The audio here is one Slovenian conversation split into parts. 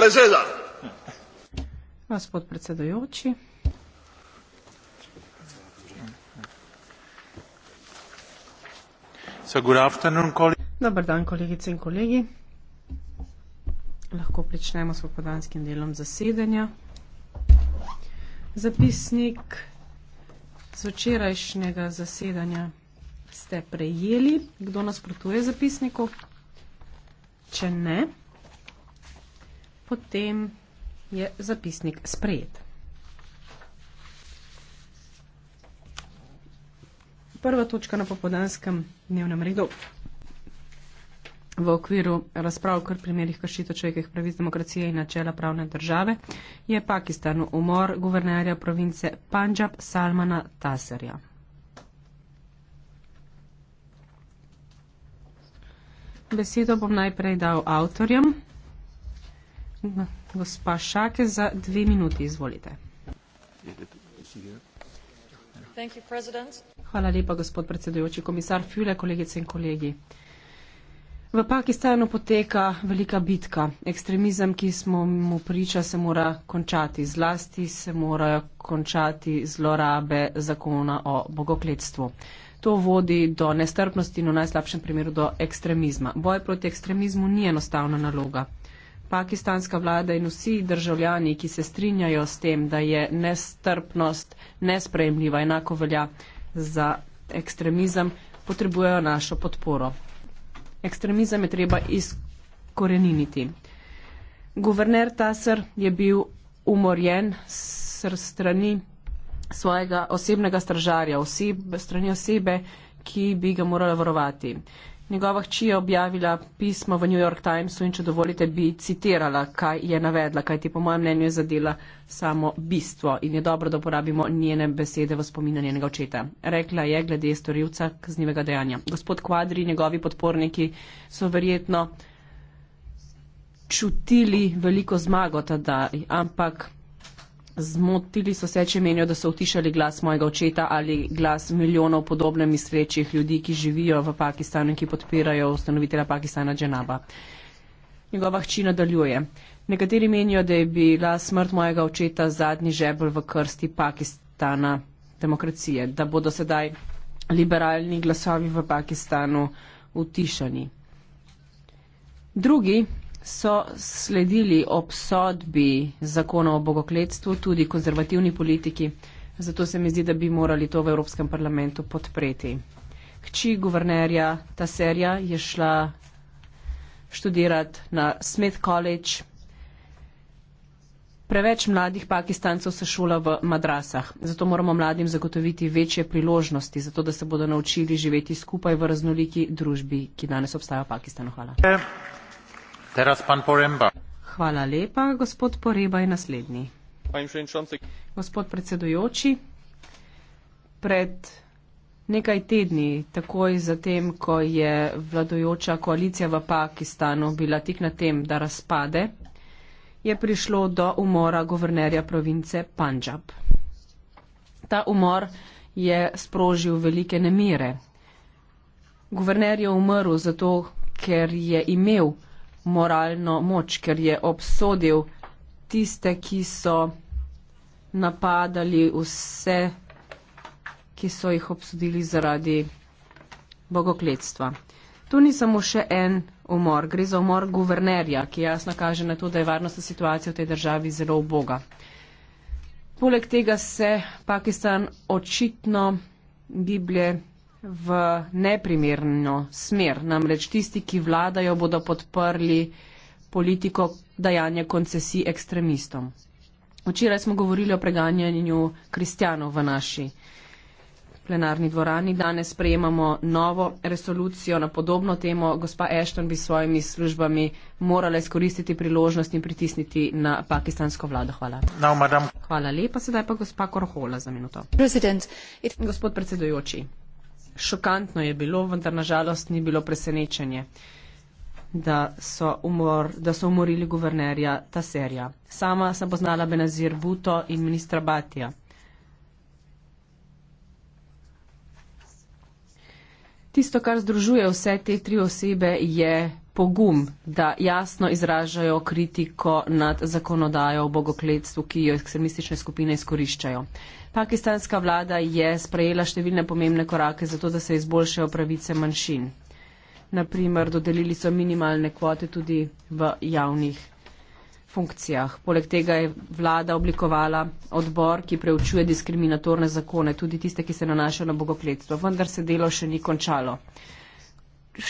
preseda. Gospod predsedujoči. Dobar dan, kolegice in kolegi. Lahko pričnemo s popodanskim delom zasedanja. Zapisnik z včerajšnjega zasedanja ste prejeli. Kdo nasprotuje zapisniku? Če ne, potem je zapisnik sprejet. Prva točka na popodanskem dnevnem redu v okviru razprav kar primerih kršitev človekovih pravic demokracije in načela pravne države je Pakistanu umor guvernerja province Panjab Salmana Taserja. Besedo bom najprej dal avtorjem. Gospa Šake, za dve minuti izvolite. You, Hvala lepa, gospod predsedujoči komisar Fjule, kolegice in kolegi. V Pakistanu poteka velika bitka. Ekstremizem, ki smo mu priča, se mora končati. Zlasti se morajo končati zlorabe zakona o bogokletstvu. To vodi do nestrpnosti in v najslabšem primeru do ekstremizma. Boj proti ekstremizmu ni enostavna naloga pakistanska vlada in vsi državljani, ki se strinjajo s tem, da je nestrpnost nespremljiva, enako velja za ekstremizem, potrebujejo našo podporo. Ekstremizem je treba izkoreniniti. Guverner Taser je bil umorjen strani svojega osebnega stražarja, oseb, strani osebe, ki bi ga morala varovati. Njegova hči je objavila pismo v New York Timesu in če dovolite, bi citirala, kaj je navedla, kaj ti po mojem mnenju je zadela samo bistvo in je dobro, da uporabimo njene besede v spominu njenega očeta. Rekla je glede storilca kaznivega dejanja. Gospod Kvadri, njegovi podporniki so verjetno čutili veliko zmago tada, ampak Zmotili so se, če menijo, da so utišali glas mojega očeta ali glas milijonov podobno mislečih ljudi, ki živijo v Pakistanu in ki podpirajo ustanovitelja Pakistana Dženaba. Njegova hči nadaljuje. Nekateri menijo, da je bila smrt mojega očeta zadnji žebelj v krsti Pakistana demokracije, da bodo sedaj liberalni glasovi v Pakistanu utišani. Drugi So sledili obsodbi zakona o bogokletstvu tudi konzervativni politiki, zato se mi zdi, da bi morali to v Evropskem parlamentu podpreti. Hči guvernerja Taserja je šla študirati na Smith College. Preveč mladih pakistancev se šola v madrasah, zato moramo mladim zagotoviti večje priložnosti, zato da se bodo naučili živeti skupaj v raznoliki družbi, ki danes obstaja v Pakistanu. Hvala. Yeah. Hvala lepa, gospod Poreba je naslednji. Gospod predsedujoči, pred nekaj tedni, takoj zatem, ko je vladojoča koalicija v Pakistanu bila tik na tem, da razpade, je prišlo do umora guvernerja province Punjab. Ta umor je sprožil velike nemire. Guverner je umrl zato, ker je imel moralno moč, ker je obsodil tiste, ki so napadali vse, ki so jih obsodili zaradi bogokletstva. Tu ni samo še en umor, gre za umor guvernerja, ki jasno kaže na to, da je varnostna situacija v tej državi zelo uboga. Poleg tega se Pakistan očitno giblje v neprimerno smer. Namreč tisti, ki vladajo, bodo podprli politiko dajanja koncesij ekstremistom. Včeraj smo govorili o preganjanju kristjanov v naši plenarni dvorani. Danes sprejemamo novo resolucijo na podobno temo. Gospa Ashton bi s svojimi službami morala izkoristiti priložnost in pritisniti na pakistansko vlado. Hvala. No, Hvala lepa. Sedaj pa gospa Korhola za minuto. It... Gospod predsedujoči. Šokantno je bilo, vendar nažalost ni bilo presenečenje, da so, umor, da so umorili guvernerja ta serija. Sama sem poznala Benazir Buto in ministra Batija. Tisto, kar združuje vse te tri osebe, je pogum, da jasno izražajo kritiko nad zakonodajo o bogokletstvu, ki jo ekstremistične skupine izkoriščajo. Pakistanska vlada je sprejela številne pomembne korake za to, da se izboljšajo pravice manjšin. Naprimer, dodelili so minimalne kvote tudi v javnih funkcijah. Poleg tega je vlada oblikovala odbor, ki preučuje diskriminatorne zakone, tudi tiste, ki se nanašajo na bogokletstvo. Vendar se delo še ni končalo.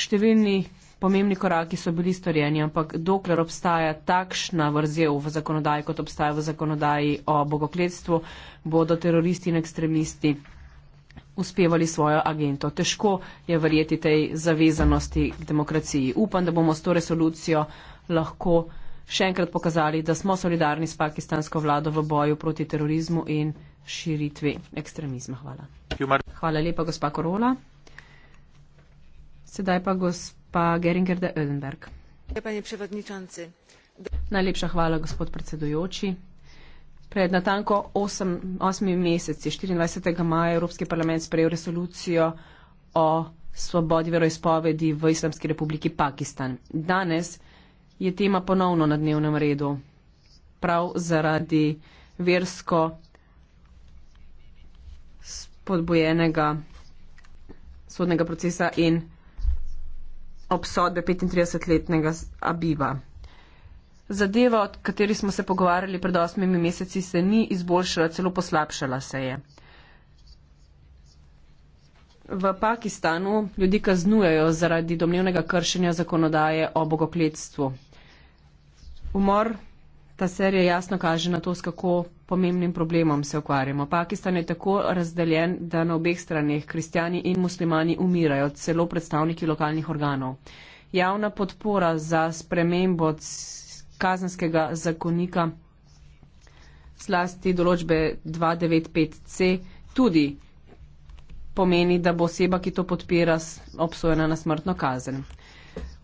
Številni pomembni koraki so bili storjeni, ampak dokler obstaja takšna vrzel v zakonodaji, kot obstaja v zakonodaji o bogokletstvu, bodo teroristi in ekstremisti uspevali svojo agento. Težko je verjeti tej zavezanosti k demokraciji. Upam, da bomo s to resolucijo lahko še enkrat pokazali, da smo solidarni s pakistansko vlado v boju proti terorizmu in širitvi ekstremizma. Hvala. Hvala lepa, gospa Korola. Sedaj pa gospod pa Geringer de Ödenberg. Najlepša hvala, gospod predsedujoči. Pred natanko 8, 8 meseci, 24. maja, Evropski parlament sprejel resolucijo o svobodi veroizpovedi v Islamski republiki Pakistan. Danes je tema ponovno na dnevnem redu, prav zaradi versko spodbojenega sodnega procesa in obsodbe 35-letnega Abiba. Zadeva, o kateri smo se pogovarjali pred osmimi meseci, se ni izboljšala, celo poslabšala se je. V Pakistanu ljudi kaznujejo zaradi domnevnega kršenja zakonodaje o bogokletstvu. Umor ta serija jasno kaže na to, s kako pomembnim problemom se ukvarjamo. Pakistan je tako razdeljen, da na obeh stranih kristjani in muslimani umirajo, celo predstavniki lokalnih organov. Javna podpora za spremembo kazanskega zakonika, zlasti določbe 295c, tudi pomeni, da bo oseba, ki to podpira, obsojena na smrtno kazen.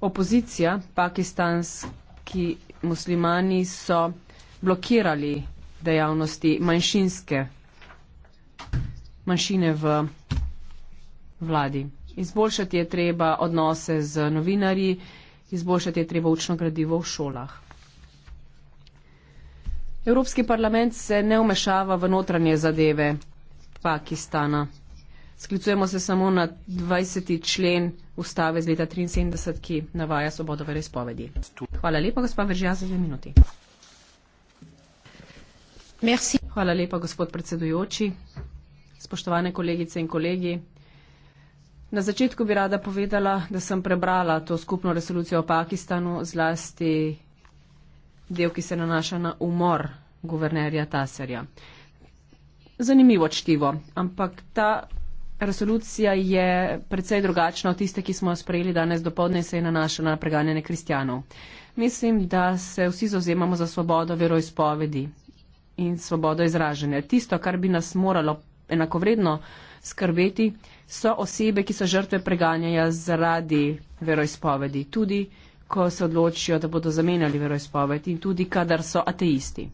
Opozicija, pakistanski muslimani so blokirali dejavnosti manjšinske manjšine v vladi. Izboljšati je treba odnose z novinarji, izboljšati je treba učno gradivo v šolah. Evropski parlament se ne umešava v notranje zadeve Pakistana sklicujemo se samo na 20. člen ustave z leta 73, ki navaja svobodo verespovedi. Hvala lepa, gospa Veržija, za dve minuti. Merci. Hvala lepa, gospod predsedujoči. Spoštovane kolegice in kolegi. Na začetku bi rada povedala, da sem prebrala to skupno resolucijo o Pakistanu, zlasti del, ki se nanaša na umor guvernerja Taserja. Zanimivo čtivo, ampak ta resolucija je precej drugačna od tiste, ki smo jo sprejeli danes dopoledne, se je nanašala na preganjanje kristijanov. Mislim, da se vsi zauzemamo za svobodo veroizpovedi in svobodo izražanja. Tisto, kar bi nas moralo enakovredno skrbeti, so osebe, ki so žrtve preganjanja zaradi veroizpovedi, tudi ko se odločijo, da bodo zamenjali veroizpovedi in tudi kadar so ateisti.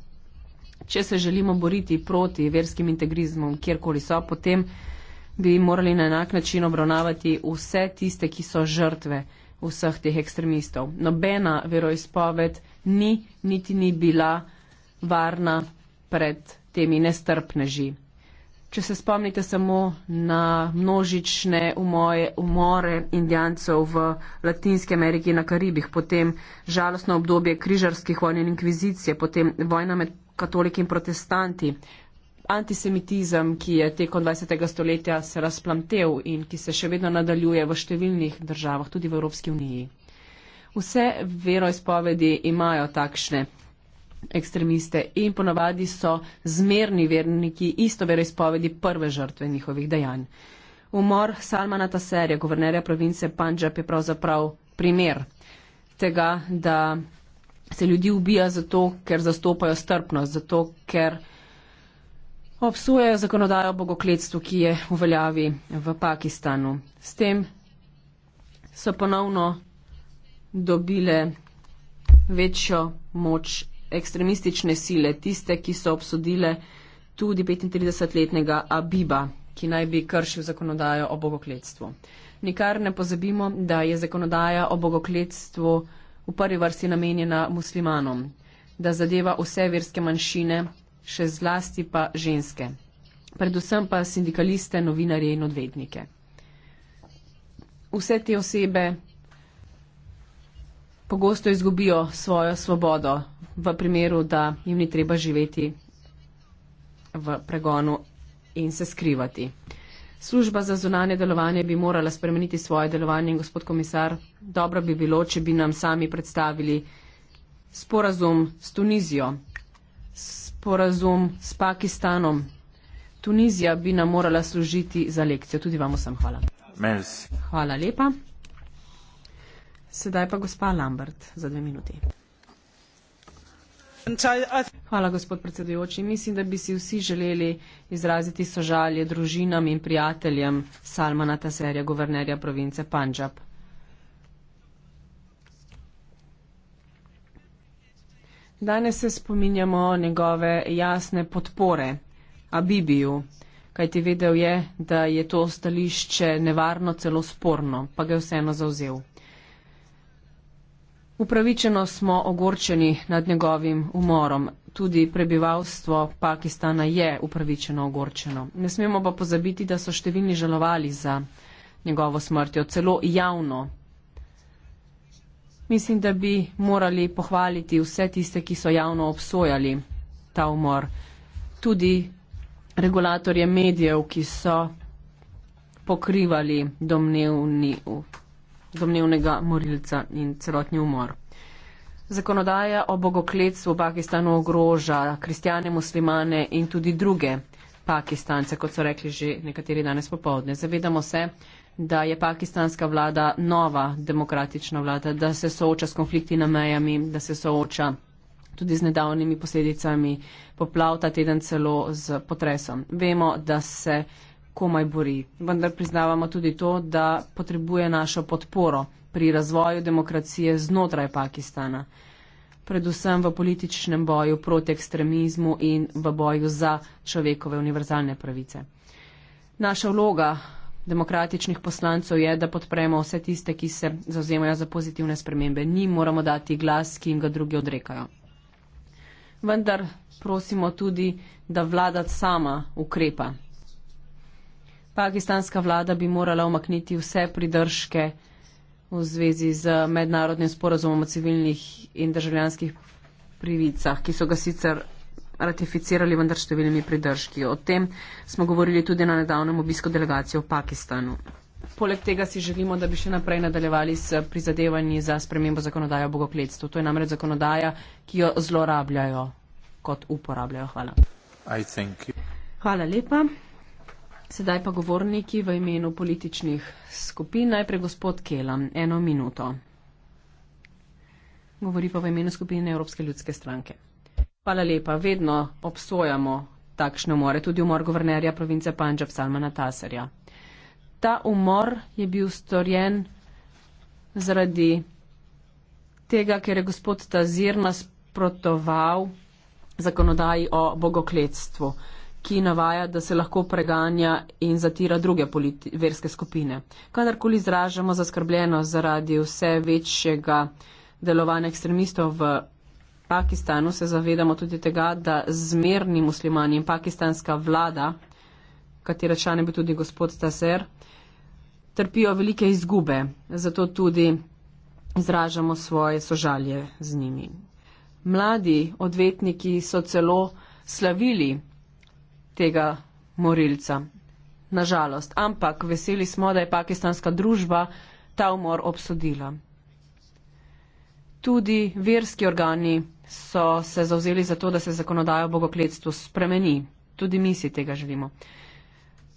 Če se želimo boriti proti verskim integrizmom, kjerkoli so, potem bi morali na enak način obravnavati vse tiste, ki so žrtve vseh teh ekstremistov. Nobena veroizpoved ni, niti ni bila varna pred temi nestrpneži. Če se spomnite samo na množične umoje, umore indijancev v Latinski Ameriki in na Karibih, potem žalostno obdobje križarskih vojn in inkvizicije, potem vojna med katoliki in protestanti, antisemitizem, ki je tekom 20. stoletja se razplamtel in ki se še vedno nadaljuje v številnih državah, tudi v Evropski uniji. Vse veroizpovedi imajo takšne ekstremiste in ponavadi so zmerni verniki isto veroizpovedi prve žrtve njihovih dejanj. Umor Salmana Taserja, guvernerja province Panjab, je pravzaprav primer tega, da se ljudi ubija zato, ker zastopajo strpnost, zato, ker obsujejo zakonodajo o bogokletstvu, ki je v veljavi v Pakistanu. S tem so ponovno dobile večjo moč ekstremistične sile, tiste, ki so obsodile tudi 35-letnega Abiba, ki naj bi kršil zakonodajo o bogokletstvu. Nikar ne pozabimo, da je zakonodaja o bogokletstvu v prvi vrsti namenjena muslimanom, da zadeva vse verske manjšine še zlasti pa ženske, predvsem pa sindikaliste, novinarje in odvetnike. Vse te osebe pogosto izgubijo svojo svobodo v primeru, da jim ni treba živeti v pregonu in se skrivati. Služba za zunanje delovanje bi morala spremeniti svoje delovanje in gospod komisar, dobro bi bilo, če bi nam sami predstavili sporazum s Tunizijo, s sporazum s Pakistanom. Tunizija bi nam morala služiti za lekcijo. Tudi vam vsem hvala. Merci. Hvala lepa. Sedaj pa gospa Lambert za dve minuti. Hvala, gospod predsedujoči. Mislim, da bi si vsi želeli izraziti sožalje družinam in prijateljem Salmana Taserja, guvernerja province Panjab. Danes se spominjamo njegove jasne podpore Abibiju, kajti vedel je, da je to stališče nevarno, celo sporno, pa ga je vseeno zauzel. Upravičeno smo ogorčeni nad njegovim umorom. Tudi prebivalstvo Pakistana je upravičeno ogorčeno. Ne smemo pa pozabiti, da so številni žalovali za njegovo smrtjo, celo javno Mislim, da bi morali pohvaliti vse tiste, ki so javno obsojali ta umor. Tudi regulatorje medijev, ki so pokrivali domnevni, domnevnega morilca in celotni umor. Zakonodaja o bogokletstvu v Pakistanu ogroža kristjane, muslimane in tudi druge Pakistance, kot so rekli že nekateri danes popovdne. Zavedamo se, da je pakistanska vlada nova demokratična vlada, da se sooča s konflikti na mejami, da se sooča tudi z nedavnimi posledicami poplav, ta teden celo z potresom. Vemo, da se komaj bori, vendar priznavamo tudi to, da potrebuje našo podporo pri razvoju demokracije znotraj Pakistana, predvsem v političnem boju proti ekstremizmu in v boju za človekove univerzalne pravice. Naša vloga demokratičnih poslancev je, da podpremo vse tiste, ki se zauzemajo za pozitivne spremembe. Ni moramo dati glas, ki jim ga drugi odrekajo. Vendar prosimo tudi, da vlada sama ukrepa. Pakistanska vlada bi morala omakniti vse pridržke v zvezi z mednarodnim sporozumom o civilnih in državljanskih privicah, ki so ga sicer ratificirali, vendar številnimi pridržki. O tem smo govorili tudi na nedavnem obisku delegacije v Pakistanu. Poleg tega si želimo, da bi še naprej nadaljevali s prizadevanji za spremembo zakonodaje o bogokletstvu. To je namreč zakonodaja, ki jo zlorabljajo kot uporabljajo. Hvala. Hvala lepa. Sedaj pa govorniki v imenu političnih skupin. Najprej gospod Kelam, eno minuto. Govori pa v imenu skupine Evropske ljudske stranke. Hvala lepa, vedno obsojamo takšne umore, tudi umor guvernerja province Panžab Salmana Taserja. Ta umor je bil storjen zaradi tega, ker je gospod Tazir nasprotoval zakonodaji o bogokletstvu, ki navaja, da se lahko preganja in zatira druge politi- verske skupine. Kadarkoli izražamo zaskrbljeno zaradi vse večjega delovanja ekstremistov v Pakistanu se zavedamo tudi tega, da zmerni muslimani in pakistanska vlada, katera člane bi tudi gospod Taser, trpijo velike izgube. Zato tudi izražamo svoje sožalje z njimi. Mladi odvetniki so celo slavili tega morilca. Nažalost, ampak veseli smo, da je pakistanska družba ta umor obsodila. Tudi verski organi so se zauzeli za to, da se zakonodajo o bogokletstvu spremeni. Tudi mi si tega želimo.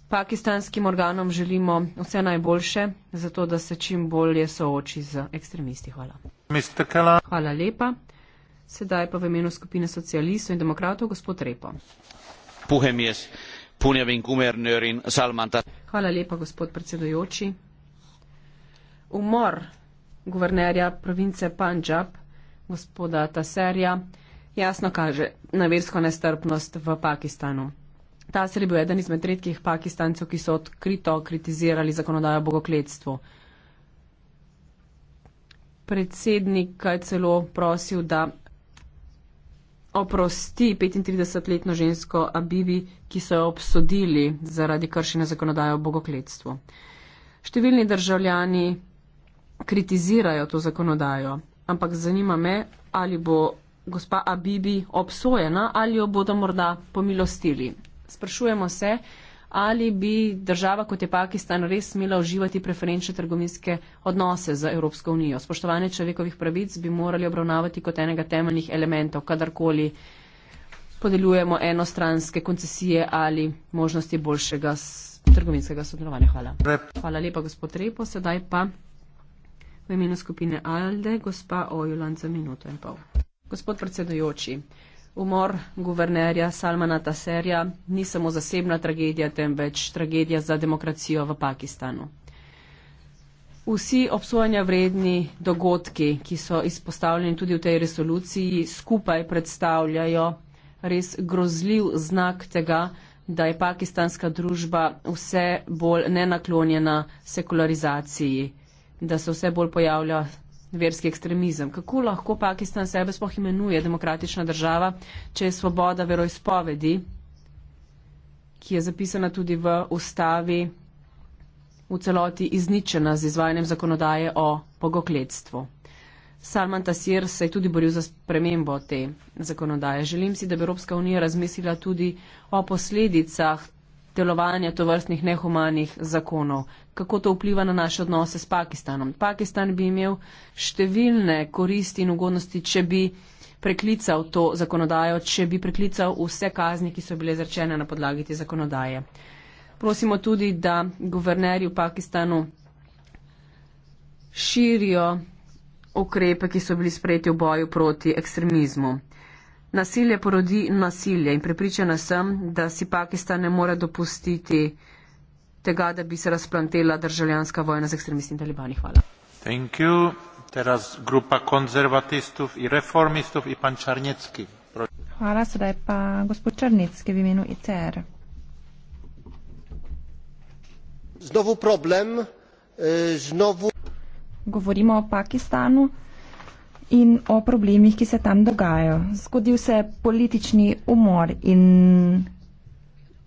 Pakistanskim organom želimo vse najboljše, zato da se čim bolje sooči z ekstremisti. Hvala. Hvala lepa. Sedaj pa v imenu skupine socialistov in demokratov gospod Repo. Hvala lepa, gospod predsedojoči. Umor guvernerja province Punjab gospoda Taserja jasno kaže na versko nestrpnost v Pakistanu. Taser je bil eden izmed redkih pakistancev, ki so odkrito kritizirali zakonodajo o bogokletstvu. Predsednik je celo prosil, da oprosti 35-letno žensko Abibi, ki so jo obsodili zaradi kršenja zakonodaje o bogokletstvu. Številni državljani kritizirajo to zakonodajo ampak zanima me, ali bo gospa Abibi obsojena ali jo bodo morda pomilostili. Sprašujemo se, ali bi država kot je Pakistan res smela uživati preferenčne trgovinske odnose z Evropsko unijo. Spoštovanje človekovih pravic bi morali obravnavati kot enega temeljnih elementov, kadarkoli podeljujemo enostranske koncesije ali možnosti boljšega trgovinskega sodelovanja. Hvala. Hvala lepa, gospod Repo. Sedaj pa V imenu skupine Alde, gospa Ojuland za minuto in pol. Gospod predsedujoči, umor guvernerja Salmana Taserja ni samo zasebna tragedija, temveč tragedija za demokracijo v Pakistanu. Vsi obsojanja vredni dogodki, ki so izpostavljeni tudi v tej resoluciji, skupaj predstavljajo res grozljiv znak tega, da je pakistanska družba vse bolj nenaklonjena sekularizaciji da se vse bolj pojavlja verski ekstremizem. Kako lahko Pakistan sebe sploh imenuje demokratična država, če je svoboda veroizpovedi, ki je zapisana tudi v ustavi, v celoti izničena z izvajanjem zakonodaje o bogokletstvu. Salman Tasir se je tudi boril za spremembo te zakonodaje. Želim si, da bi Evropska unija razmislila tudi o posledicah delovanja tovrstnih nehumanih zakonov. Kako to vpliva na naše odnose s Pakistanom? Pakistan bi imel številne koristi in ugodnosti, če bi preklical to zakonodajo, če bi preklical vse kazni, ki so bile izrečene na podlagi te zakonodaje. Prosimo tudi, da guvernerji v Pakistanu širijo ukrepe, ki so bili sprejeti v boju proti ekstremizmu. Nasilje porodi nasilje in prepričana sem, da si Pakistan ne more dopustiti tega, da bi se razplantila državljanska vojna z ekstremisti in talibani. Hvala. Thank you. Teraz grupa konzervatistov in reformistov in pan Črnecki. Hvala, sedaj pa gospod Črnecki v imenu ICR. Znovu problem, e, znovu. Govorimo o Pakistanu in o problemih, ki se tam dogajajo. Zgodil se je politični umor in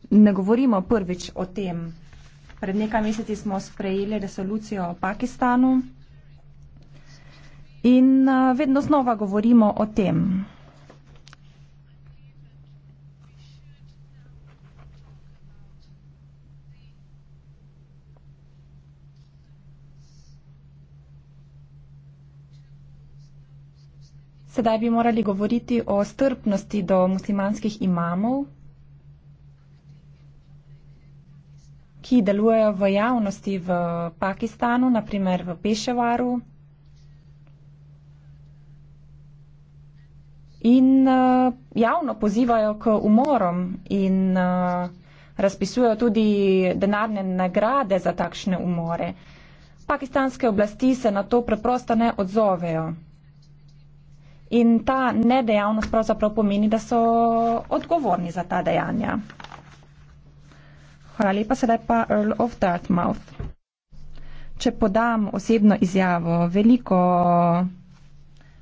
ne govorimo prvič o tem. Pred nekaj meseci smo sprejeli resolucijo o Pakistanu in eh, vedno znova govorimo o tem. Sedaj bi morali govoriti o strpnosti do muslimanskih imamov, ki delujejo v javnosti v Pakistanu, naprimer v Peševaru. In uh, javno pozivajo k umorom in uh, razpisujejo tudi denarne nagrade za takšne umore. Pakistanske oblasti se na to preprosto ne odzovejo. In ta nedejavnost pravzaprav pomeni, da so odgovorni za ta dejanja. Hvala lepa, sedaj pa Earl of Dartmouth. Če podam osebno izjavo, veliko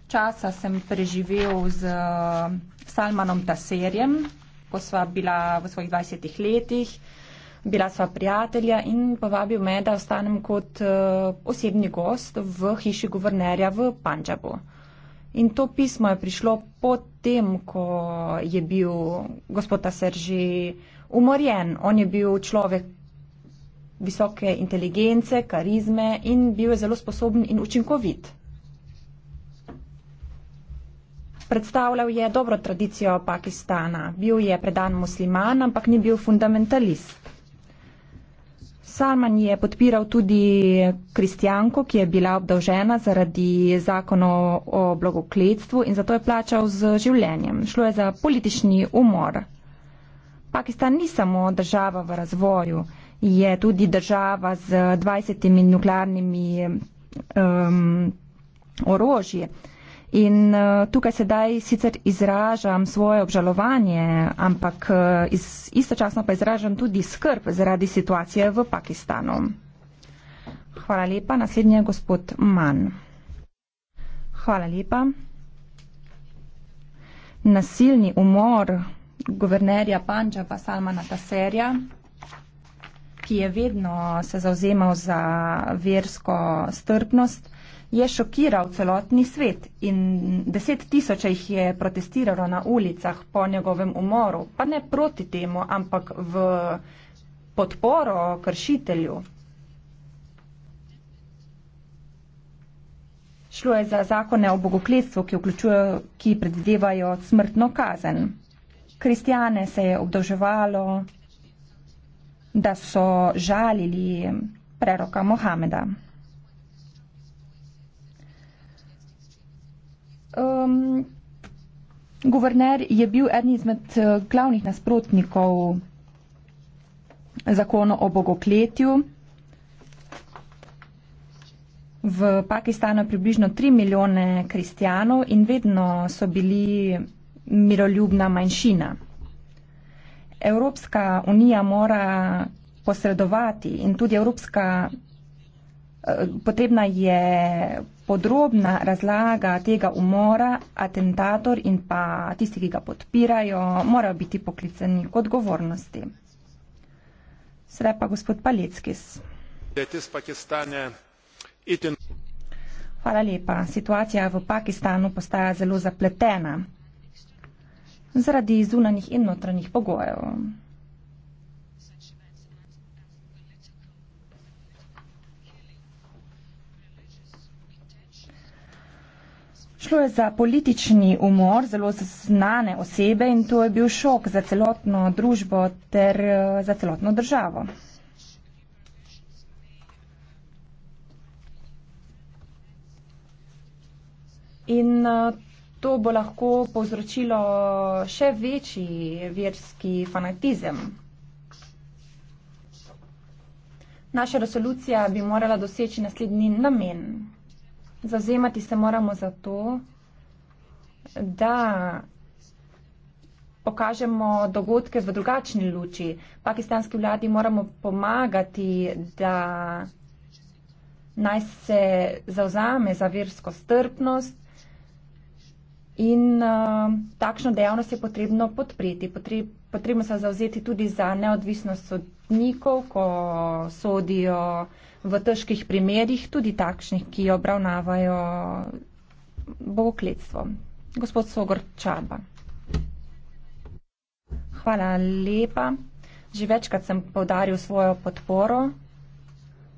časa sem preživel z eh, Salmanom Taserjem, ko sva bila v svojih 20 letih, bila sva prijatelja in povabil me, da ostanem kot eh, osebni gost v hiši guvernerja v Panjabu. In to pismo je prišlo potem, ko je bil gospod Aserži umorjen. On je bil človek visoke inteligence, karizme in bil je zelo sposoben in učinkovit. Predstavljal je dobro tradicijo Pakistana. Bil je predan musliman, ampak ni bil fundamentalist. Salman je podpiral tudi kristijanko, ki je bila obdolžena zaradi zakona o blagokletstvu in zato je plačal z življenjem. Šlo je za politični umor. Pakistan ni samo država v razvoju, je tudi država z 20 nuklearnimi um, orožji. In uh, tukaj sedaj sicer izražam svoje obžalovanje, ampak uh, iz, istočasno pa izražam tudi skrb zaradi situacije v Pakistanu. Hvala lepa. Naslednji je gospod Mann. Hvala lepa. Nasilni umor guvernerja Panča pa Salmana Taserja, ki je vedno se zauzemal za versko strpnost, je šokiral celotni svet in deset tisoč jih je protestiralo na ulicah po njegovem umoru, pa ne proti temu, ampak v podporo kršitelju. Šlo je za zakone o bogokletstvu, ki, ki predvidevajo smrtno kazen. Kristijane se je obdoževalo, da so žalili preroka Mohameda. Um, guverner je bil eden izmed uh, glavnih nasprotnikov zakona o bogokletju. V Pakistanu je približno 3 milijone kristijanov in vedno so bili miroljubna manjšina. Evropska unija mora posredovati in tudi Evropska potrebna je podrobna razlaga tega umora, atentator in pa tisti, ki ga podpirajo, morajo biti poklicani k odgovornosti. Sedaj pa gospod Paleckis. Hvala lepa. Situacija v Pakistanu postaja zelo zapletena zaradi zunanjih in notranjih pogojev. Šlo je za politični umor zelo znane osebe in to je bil šok za celotno družbo ter eh, za celotno državo. In eh, to bo lahko povzročilo še večji verski fanatizem. Naša resolucija bi morala doseči naslednji namen. Zazemati se moramo za to, da pokažemo dogodke v drugačni luči. Pakistanski vladi moramo pomagati, da naj se zauzame za versko strpnost in uh, takšno dejavnost je potrebno podpreti. Potreb, potrebno se zauzeti tudi za neodvisnost sodnikov, ko sodijo v težkih primerjih, tudi takšnih, ki obravnavajo bogokletstvo. Gospod Sogor Čaba. Hvala lepa. Že večkrat sem povdaril svojo podporo.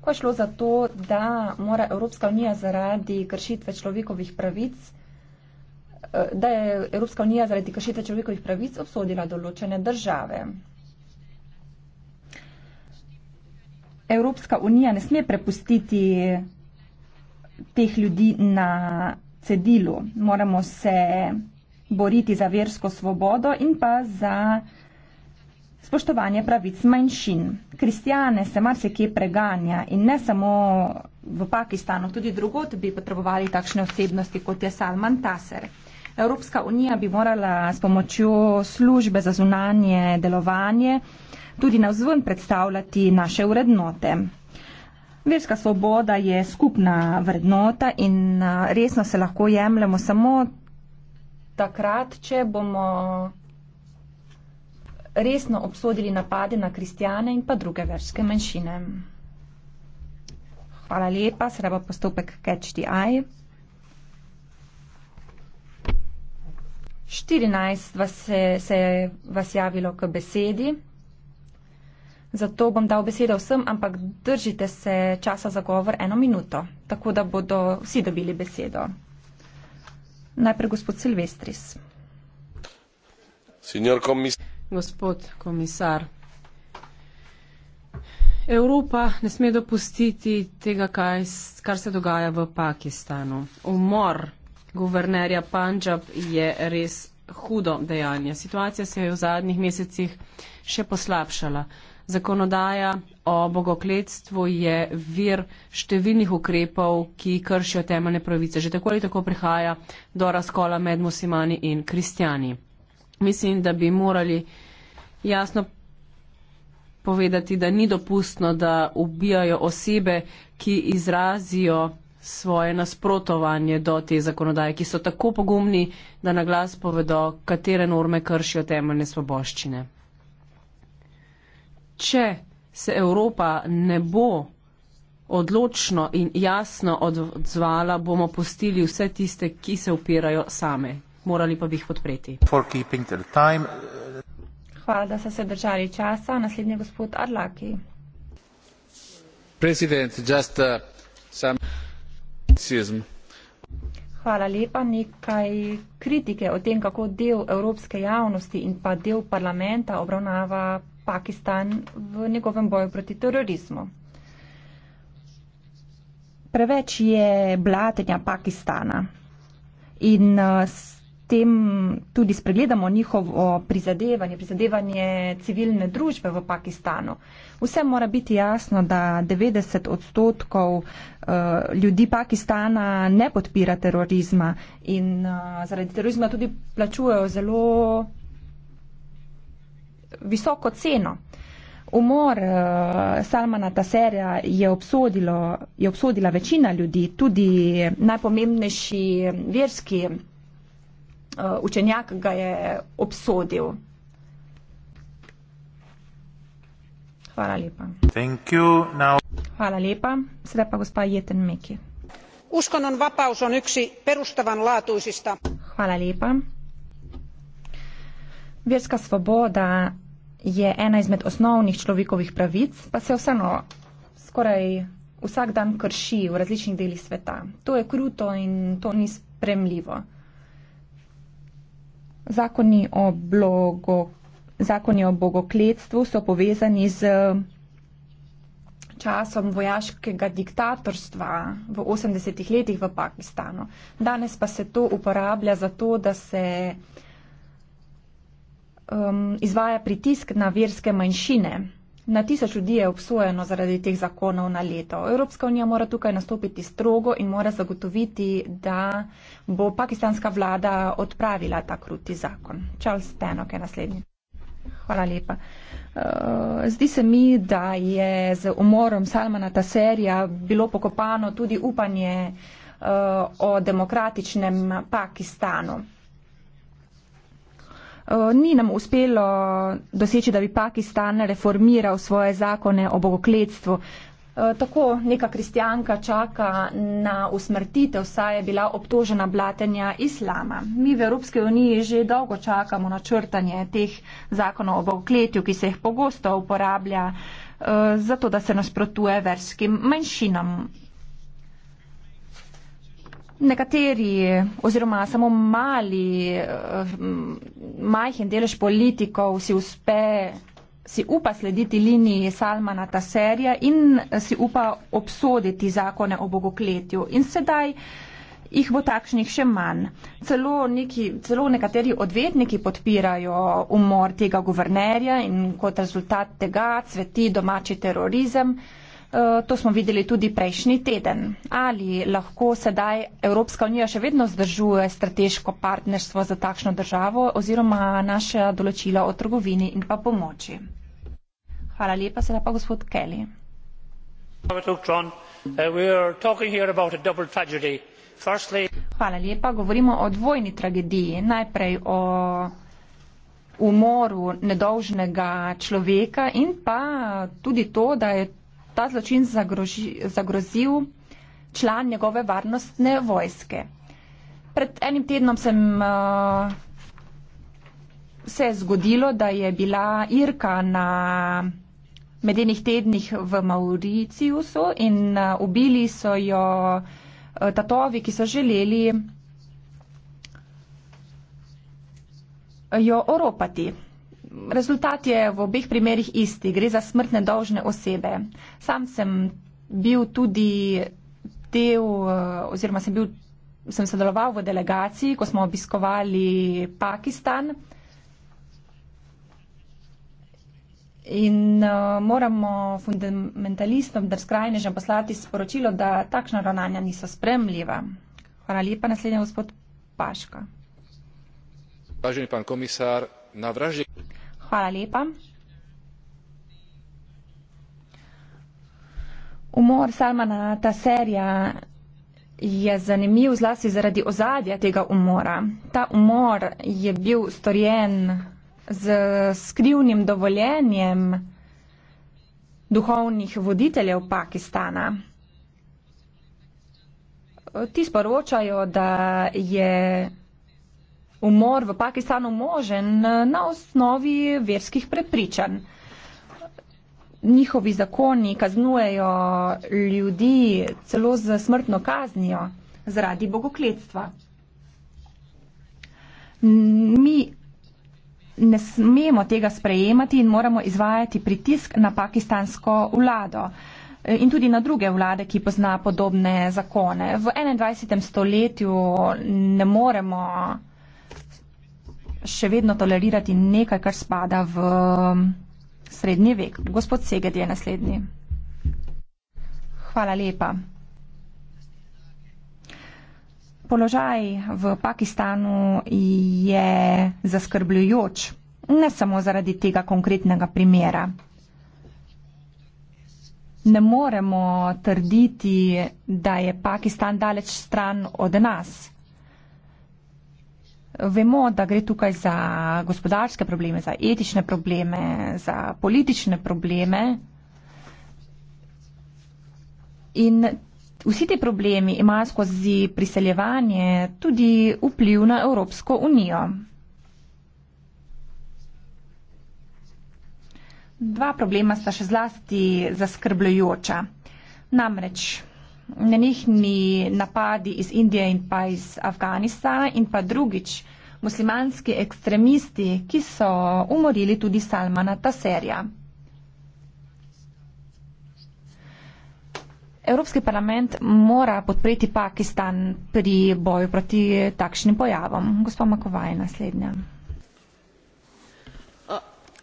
Ko je šlo za to, da mora Evropska unija zaradi kršitve človekovih pravic, eh, da je Evropska unija zaradi kršitve človekovih pravic obsodila določene države. Evropska unija ne sme prepustiti teh ljudi na cedilu. Moramo se boriti za versko svobodo in pa za spoštovanje pravic manjšin. Kristijane se marsikje preganja in ne samo v Pakistanu, tudi drugot bi potrebovali takšne osebnosti, kot je Salman Taser. Evropska unija bi morala s pomočjo službe za zunanje delovanje uh, tudi na vzven predstavljati naše vrednote. Verska svoboda je skupna vrednota in resno se lahko jemljemo samo takrat, če bomo resno obsodili napade na kristjane in pa druge verske manjšine. Hvala lepa, sedaj bo postopek Catch the Eye. 14 vas je, se je vas javilo k besedi. Zato bom dal besedo vsem, ampak držite se časa za govor eno minuto, tako da bodo vsi dobili besedo. Najprej gospod Silvestris. Komis gospod komisar. Evropa ne sme dopustiti tega, kaj, kar se dogaja v Pakistanu. Umor guvernerja Panjab je res hudo dejanje. Situacija se je v zadnjih mesecih še poslabšala. Zakonodaja o bogokletstvu je vir številnih ukrepov, ki kršijo temeljne pravice. Že tako ali tako prihaja do razkola med muslimani in kristijani. Mislim, da bi morali jasno povedati, da ni dopustno, da ubijajo osebe, ki izrazijo svoje nasprotovanje do te zakonodaje, ki so tako pogumni, da na glas povedo, katere norme kršijo temeljne svoboščine če se Evropa ne bo odločno in jasno odzvala, bomo postili vse tiste, ki se upirajo same. Morali pa bi jih podpreti. Hvala, da ste se držali časa. Naslednji je gospod Arlaki. Just, uh, Hvala lepa. Nekaj kritike o tem, kako del evropske javnosti in pa del parlamenta obravnava Pakistan v njegovem boju proti terorizmu. Preveč je blatenja Pakistana in uh, s tem tudi spregledamo njihovo prizadevanje, prizadevanje civilne družbe v Pakistanu. Vse mora biti jasno, da 90 odstotkov uh, ljudi Pakistana ne podpira terorizma in uh, zaradi terorizma tudi plačujejo zelo visoko ceno. Umor uh, Salmana Taserja je, obsodilo, je obsodila večina ljudi, tudi najpomembnejši verski uh, učenjak ga je obsodil. Hvala lepa. Thank you. Now... Hvala lepa. Sedaj pa gospa Jeten Meki. Uskonnon vapaus on yksi perustavanlaatuisista. Hvala lepa. Verska svoboda je ena izmed osnovnih človekovih pravic, pa se vseeno skoraj vsak dan krši v različnih delih sveta. To je kruto in to ni spremljivo. Zakoni o, blogo, zakoni o bogokletstvu so povezani z časom vojaškega diktatorstva v 80-ih letih v Pakistanu. Danes pa se to uporablja za to, da se um, izvaja pritisk na verske manjšine. Na tisoč ljudi je obsojeno zaradi teh zakonov na leto. Evropska unija mora tukaj nastopiti strogo in mora zagotoviti, da bo pakistanska vlada odpravila ta kruti zakon. Charles Tenok je naslednji. Hvala lepa. Uh, zdi se mi, da je z umorom Salmana Taserja bilo pokopano tudi upanje uh, o demokratičnem Pakistanu. Eh, ni nam uspelo doseči, da bi Pakistan reformiral svoje zakone o bogokletstvu. Eh, tako neka kristijanka čaka na usmrtitev, saj je bila obtožena blatenja islama. Mi v Evropski uniji že dolgo čakamo na črtanje teh zakonov o bogokletju, ki se jih pogosto uporablja, eh, zato da se nasprotuje verskim manjšinam nekateri oziroma samo mali, eh, majhen delež politikov si uspe, si upa slediti liniji Salmana Taserja in si upa obsoditi zakone o bogokletju. In sedaj jih bo takšnih še manj. Celo, neki, celo nekateri odvetniki podpirajo umor tega guvernerja in kot rezultat tega cveti domači terorizem. Eh, to smo videli tudi prejšnji teden. Ali lahko sedaj Evropska unija še vedno zdržuje strateško partnerstvo za takšno državo oziroma naše določila o trgovini in pa pomoči? Hvala lepa, sedaj pa gospod Kelly. Hvala lepa. Govorimo o dvojni tragediji. Najprej o umoru nedolžnega človeka in pa tudi to, da je ta zločin zagroži, zagrozil član njegove varnostne vojske. Pred enim tednom sem, uh, se je zgodilo, da je bila Irka na medenih tednih v Mauriciusu in uh, ubili so jo uh, tatovi, ki so želeli jo oropati rezultat je v obeh primerih isti, gre za smrtne dolžne osebe. Sam sem bil tudi del eh, oziroma sem, bil, sem sodeloval v delegaciji, ko smo obiskovali Pakistan. In uh, moramo fundamentalistom, da skrajnežem poslati sporočilo, da takšna ravnanja niso spremljiva. Hvala lepa, naslednja gospod Paška. Pažen, pan komisar, na vražnje. Hvala lepa. Umor Salmana ta serija je zanimiv zlasti zaradi ozadja tega umora. Ta umor je bil storjen z skrivnim dovoljenjem duhovnih voditeljev Pakistana. Ti sporočajo, da je umor v Pakistanu možen eh, na osnovi verskih prepričanj. Njihovi zakoni kaznujejo ljudi celo z smrtno kaznijo zaradi bogokletstva. Mi ne smemo tega sprejemati in moramo izvajati pritisk na pakistansko vlado eh, in tudi na druge vlade, ki pozna podobne zakone. V 21. stoletju ne moremo še vedno tolerirati nekaj, kar spada v um, srednji vek. Gospod Seged je naslednji. Hvala lepa. Položaj v Pakistanu je zaskrbljujoč, ne samo zaradi tega konkretnega primera. Ne moremo trditi, da je Pakistan daleč stran od nas. Vemo, da gre tukaj za gospodarske probleme, za etične probleme, za politične probleme. In vsi te problemi imajo skozi priseljevanje tudi vpliv na Evropsko unijo. Dva problema sta še zlasti zaskrbljujoča. Namreč nenehni napadi iz Indije in pa iz Afganistana in pa drugič muslimanski ekstremisti, ki so umorili tudi Salmana Taserja. Evropski parlament mora podpreti Pakistan pri boju proti takšnim pojavom. Gospod Makova je naslednja.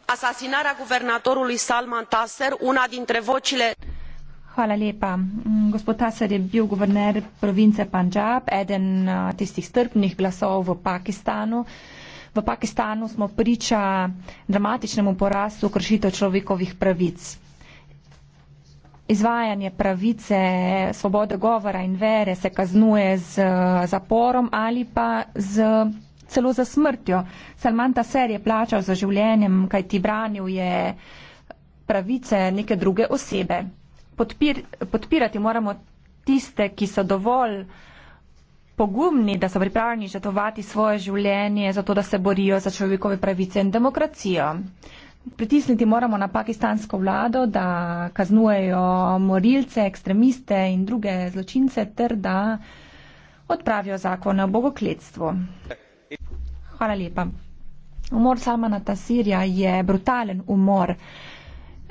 Asasinarea guvernatorului Salman Taser, una dintre vocile. Hvala lepa. Mm, gospod Tasar je bil guverner province Punjab, eden uh, tistih strpnih glasov v Pakistanu. V Pakistanu smo priča dramatičnemu porastu kršitev človekovih pravic. Izvajanje pravice, svobode govora in vere se kaznuje z uh, zaporom ali pa z, celo za smrtjo. Salman Taser je plačal za življenjem, kajti branil je pravice neke druge osebe podpir, podpirati moramo tiste, ki so dovolj pogumni, da so pripravljeni žrtovati svoje življenje za to, da se borijo za človekove pravice in demokracijo. Pritisniti moramo na pakistansko vlado, da kaznujejo morilce, ekstremiste in druge zločince ter da odpravijo zakone o bogokletstvu. Hvala lepa. Umor Salmana Tasirja je brutalen umor.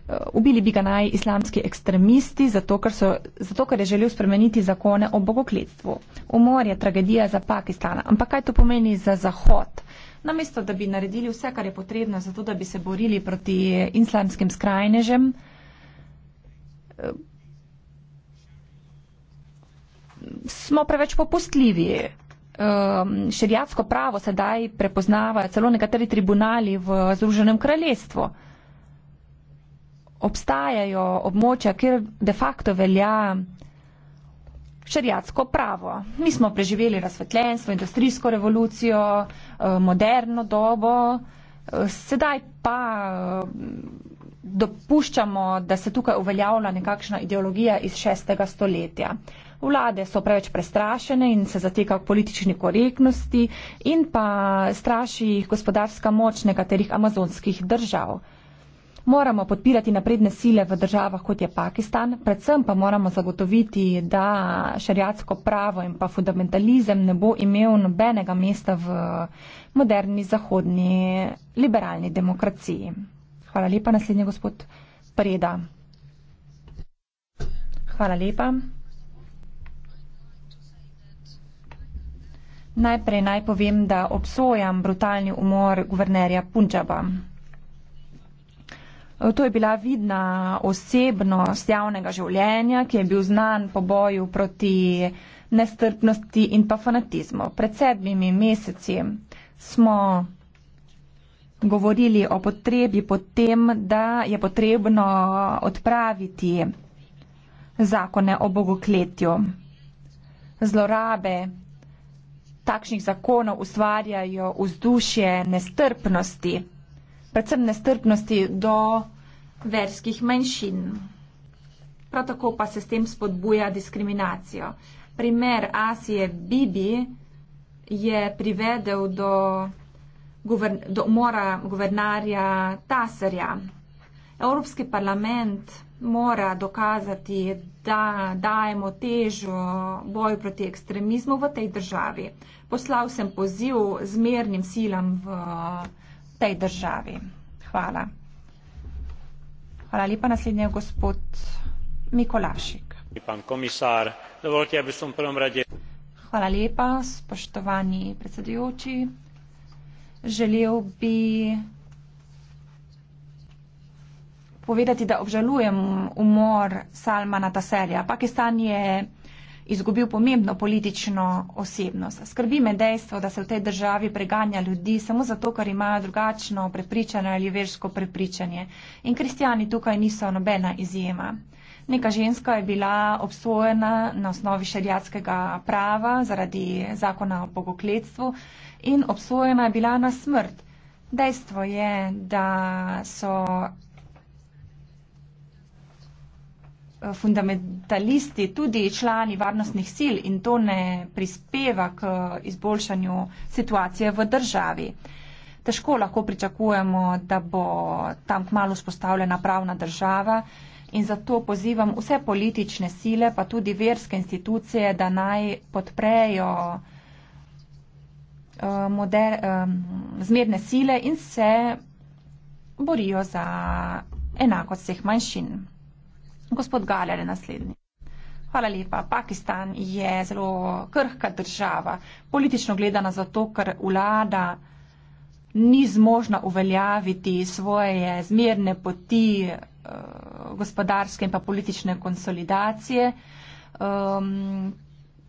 Eh, ubili bi ga naj islamski ekstremisti, zato ker, so, zato ker je želel spremeniti zakone o bogokletstvu. Umor je tragedija za Pakistana. Ampak kaj to pomeni za Zahod? Namesto, da bi naredili vse, kar je potrebno, zato da bi se borili proti eh, islamskim skrajnežem, eh, smo preveč popustljivi. Šeriatsko pravo sedaj prepoznavajo celo nekateri tribunali v Združenem kraljestvu obstajajo območja, kjer de facto velja šariatsko pravo. Mi smo preživeli razsvetljenstvo, industrijsko revolucijo, eh, moderno dobo, eh, sedaj pa eh, dopuščamo, da se tukaj uveljavlja nekakšna ideologija iz šestega stoletja. Vlade so preveč prestrašene in se zatekajo k politični korektnosti in pa straši jih gospodarska moč nekaterih amazonskih držav. Moramo podpirati napredne sile v državah, kot je Pakistan, predvsem pa moramo zagotoviti, da šariatsko pravo in pa fundamentalizem ne bo imel nobenega mesta v moderni zahodni liberalni demokraciji. Hvala lepa, naslednji gospod Preda. Hvala lepa. Najprej naj povem, da obsojam brutalni umor guvernerja Punjaba. Eh, to je bila vidna osebnost javnega življenja, ki je bil znan po boju proti nestrpnosti in pa fanatizmu. Pred sedmimi meseci smo govorili o potrebi po tem, da je potrebno odpraviti zakone o bogokletju. Zlorabe takšnih zakonov ustvarjajo vzdušje nestrpnosti predvsem nestrpnosti do verskih manjšin. Prav tako pa se s tem spodbuja diskriminacijo. Primer Asije Bibi je privedel do, do mora guvernarja Taserja. Evropski parlament mora dokazati, da dajemo težo boju proti ekstremizmu v tej državi. Poslal sem poziv zmernim silam v državi tej državi. Hvala. Hvala lepa. Naslednji je gospod Mikolašik. Pan komisar, dovolite, aby ja som v prvom rade... Hvala lepa, spoštovani predsedujoči. Želel bi povedati, da obžalujem umor Salmana Taserja. Pakistan je izgubil pomembno politično osebnost. Skrbi me dejstvo, da se v tej državi preganja ljudi samo zato, ker imajo drugačno prepričanje ali versko prepričanje. In kristijani tukaj niso nobena izjema. Neka ženska je bila obsojena na osnovi šeljatskega prava zaradi zakona o bogokletstvu in obsojena je bila na smrt. Dejstvo je, da so fundamentalisti, tudi člani varnostnih sil in to ne prispeva k izboljšanju situacije v državi. Težko lahko pričakujemo, da bo tam kmalo spostavljena pravna država in zato pozivam vse politične sile, pa tudi verske institucije, da naj podprejo eh, moder, eh, zmerne sile in se borijo za enakost vseh manjšin. Gospod Galer je naslednji. Hvala lepa. Pakistan je zelo krhka država, politično gledana zato, ker vlada ni zmožna uveljaviti svoje zmerne poti eh, gospodarske in pa politične konsolidacije. Ehm,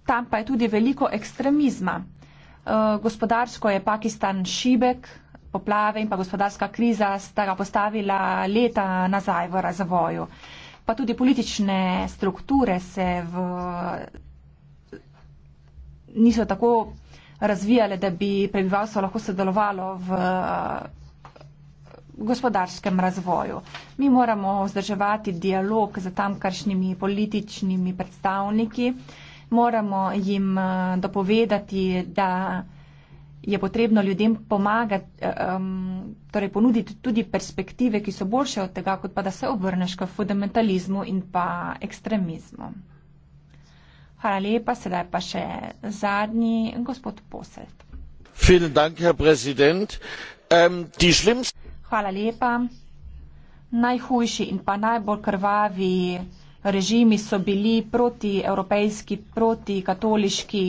tam pa je tudi veliko ekstremizma. Eh, gospodarsko je Pakistan šibek, poplave in pa gospodarska kriza sta ga postavila leta nazaj v razvoju pa tudi politične strukture se v, niso tako razvijale, da bi prebivalstvo lahko sodelovalo v gospodarskem razvoju. Mi moramo vzdrževati dialog z tamkaršnjimi političnimi predstavniki, moramo jim eh, dopovedati, da je potrebno ljudem pomagati, um, torej ponuditi tudi perspektive, ki so boljše od tega, kot pa da se obrneš k fundamentalizmu in pa ekstremizmu. Hvala lepa, sedaj pa še zadnji, gospod Poselt. Dank, um, Hvala lepa. Najhujši in pa najbolj krvavi režimi so bili proti evropejski, proti katoliški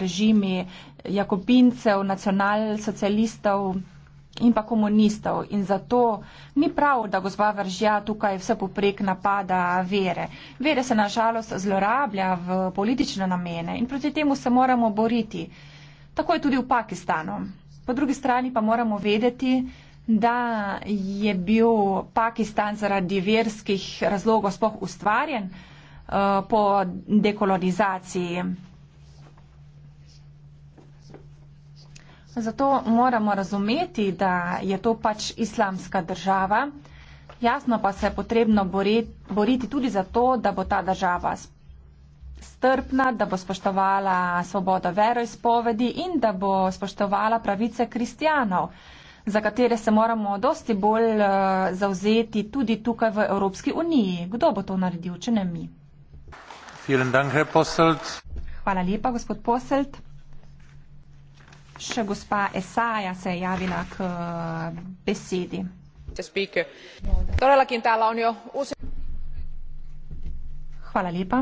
režimi jakobincev, nacionalsocialistov in pa komunistov. In zato ni prav, da gospa Vržja tukaj vse poprek napada vere. Vere se nažalost zlorablja v politične namene in proti temu se moramo boriti. Tako je tudi v Pakistanu. Po drugi strani pa moramo vedeti, da je bil Pakistan zaradi verskih razlogov spoh ustvarjen uh, po dekolonizaciji. Zato moramo razumeti, da je to pač islamska država. Jasno pa se je potrebno boriti, boriti tudi za to, da bo ta država strpna, da bo spoštovala svobodo veroizpovedi in da bo spoštovala pravice kristijanov, za katere se moramo dosti bolj eh, zauzeti tudi tukaj v Evropski uniji. Kdo bo to naredil, če ne mi? Hvala lepa, gospod Poselt. Še gospa Esaja se je javila k eh, besedi. Hvala lepa.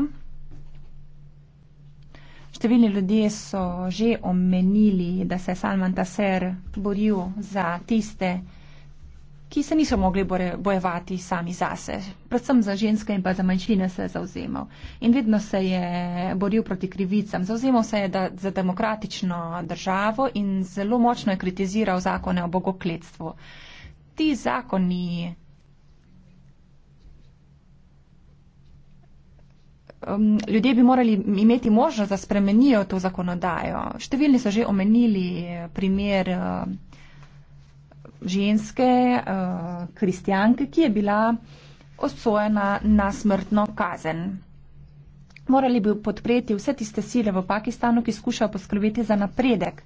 Številni ljudje so že omenili, da se je Salman Taser boril za tiste, ki ki se niso mogli boje, bojevati sami zase. Predvsem za ženske in pa za manjšine se je zauzemal. In vedno se je boril proti krivicam. Zauzemal se je da, za demokratično državo in zelo močno je kritiziral zakone o bogokletstvu. Ti zakoni. Um, ljudje bi morali imeti možnost, da spremenijo to zakonodajo. Številni so že omenili primer uh, ženske, eh, kristijanke, ki je bila osojena na smrtno kazen. Morali bi podpreti vse tiste sile v Pakistanu, ki skušajo poskrbeti za napredek.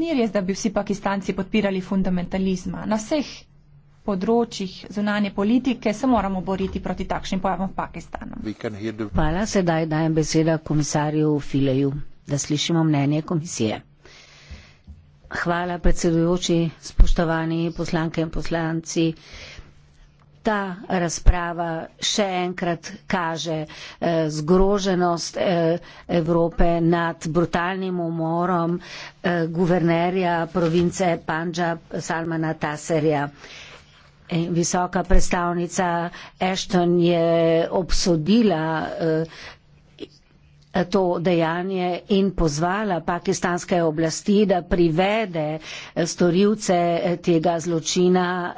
Ni res, da bi vsi pakistanci podpirali fundamentalizma. Na vseh področjih zunanje politike se moramo boriti proti takšnim pojavom v Pakistanu. Hvala, sedaj dajem beseda komisarju Fileju, da slišimo mnenje komisije. Hvala, predsedujoči, spoštovani poslanke in poslanci. Ta razprava še enkrat kaže eh, zgroženost eh, Evrope nad brutalnim umorom eh, guvernerja province Panja Salmana Taserja. Eh, visoka predstavnica Ashton je obsodila eh, Eh, to dejanje in pozvala pakistanske oblasti, da privede eh, storilce eh, tega zločina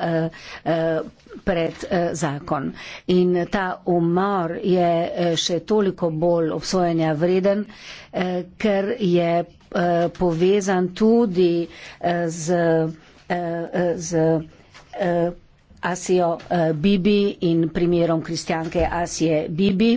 pred zakon. In ta umor je še toliko bolj obsojenja vreden, ker je povezan tudi z, z Asijo Bibi in primerom kristjanke Asije Bibi,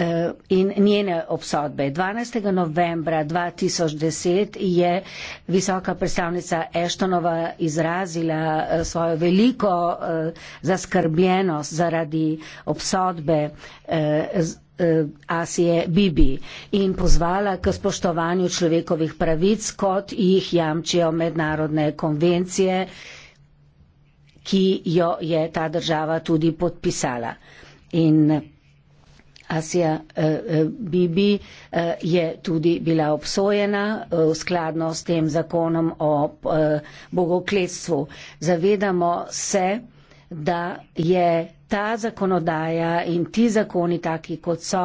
Eh, in njene obsodbe. 12. novembra 2010 je visoka predstavnica Eštonova izrazila eh, svojo veliko eh, zaskrbljenost zaradi obsodbe Asije Bibi in pozvala k spoštovanju človekovih pravic, kot jih jamčijo mednarodne konvencije, ki jo je ta država tudi podpisala. In Asija eh, eh, Bibi eh, je tudi bila obsojena v skladno s tem zakonom o bogokletstvu. Zavedamo se, da je ta zakonodaja in ti zakoni, taki kot so,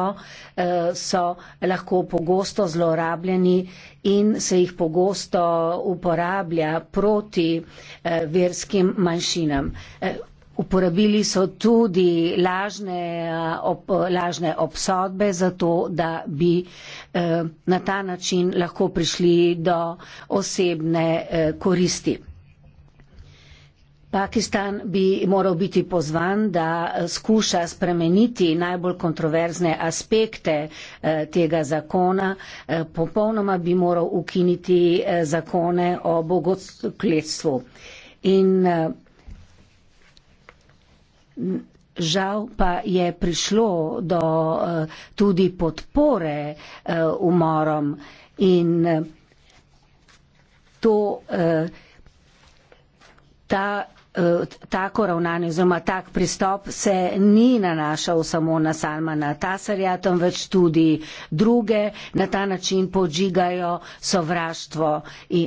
so lahko pogosto zlorabljeni in se jih pogosto uporablja proti verskim manjšinam. Uporabili so tudi lažne, eh, ob, lažne obsodbe za to, da bi eh, na ta način lahko prišli do osebne eh, koristi. Pakistan bi moral biti pozvan, da skuša spremeniti najbolj kontroverzne aspekte tega zakona. Popolnoma bi moral ukiniti zakone o bogotkletstvu. In Žal pa je prišlo do eh, tudi podpore eh, umorom in eh, to, ta, tako ravnanje oziroma tak pristop se ni nanašal samo na Salmana Tasarja, temveč tudi druge na ta način podžigajo sovraštvo,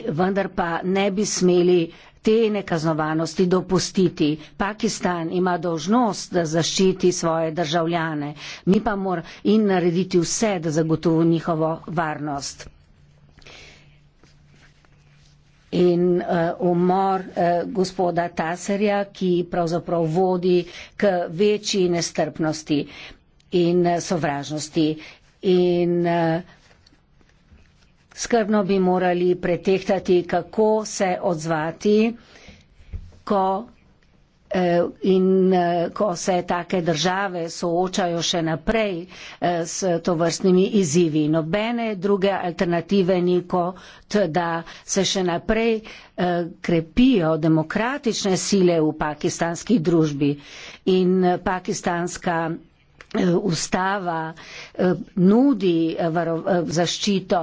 vendar pa ne bi smeli te nekaznovanosti dopustiti. Pakistan ima dožnost, da zaščiti svoje državljane, mi pa moramo in narediti vse, da zagotovi njihovo varnost. In uh, umor uh, gospoda Taserja, ki pravzaprav vodi k večji nestrpnosti in uh, sovražnosti. In, uh, skrbno bi morali pretehtati, kako se odzvati, ko, eh, in, eh, ko se take države soočajo še naprej eh, s tovrstnimi izzivi. Nobene druge alternative ni kot, da se še naprej krepijo demokratične sile v pakistanski družbi in pakistanska Eh, ustava eh, nudi eh, zaščito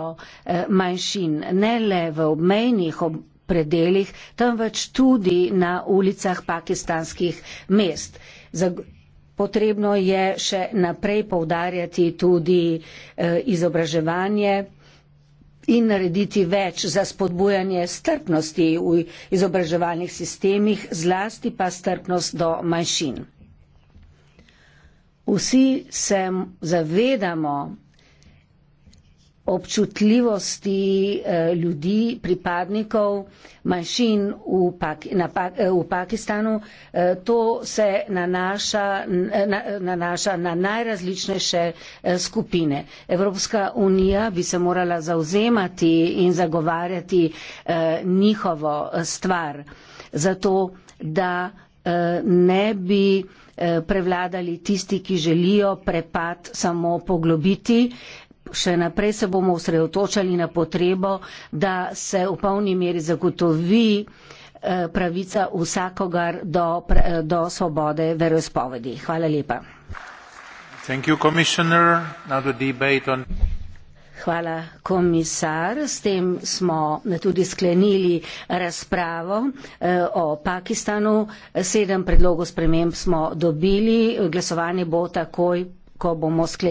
manjšin, ne le v obmejnih predeljih, temveč tudi na ulicah pakistanskih mest. Potrebno je še naprej povdarjati tudi izobraževanje in narediti več za spodbujanje strpnosti v izobraževalnih sistemih, zlasti pa strpnost do manjšin. Vsi se zavedamo občutljivosti eh, ljudi, pripadnikov manjšin v, Pak na Pak eh, v Pakistanu. Eh, to se nanaša, na, nanaša na najrazličnejše skupine. Evropska unija bi se morala zauzemati in zagovarjati njihovo stvar, zato da ne bi Eh, prevladali tisti, ki želijo prepad samo poglobiti. Še naprej se bomo usredotočali na potrebo, da se v polni meri zagotovi eh, pravica vsakogar do, eh, do svobode verospovedi. Hvala lepa. Thank you, Commissioner. Now the debate on... Hvala, komisar. S tem smo eh, tudi sklenili razpravo eh, o Pakistanu. Sedem predlogov sprememb smo dobili. Glasovanje bo takoj, ko bomo sklenili.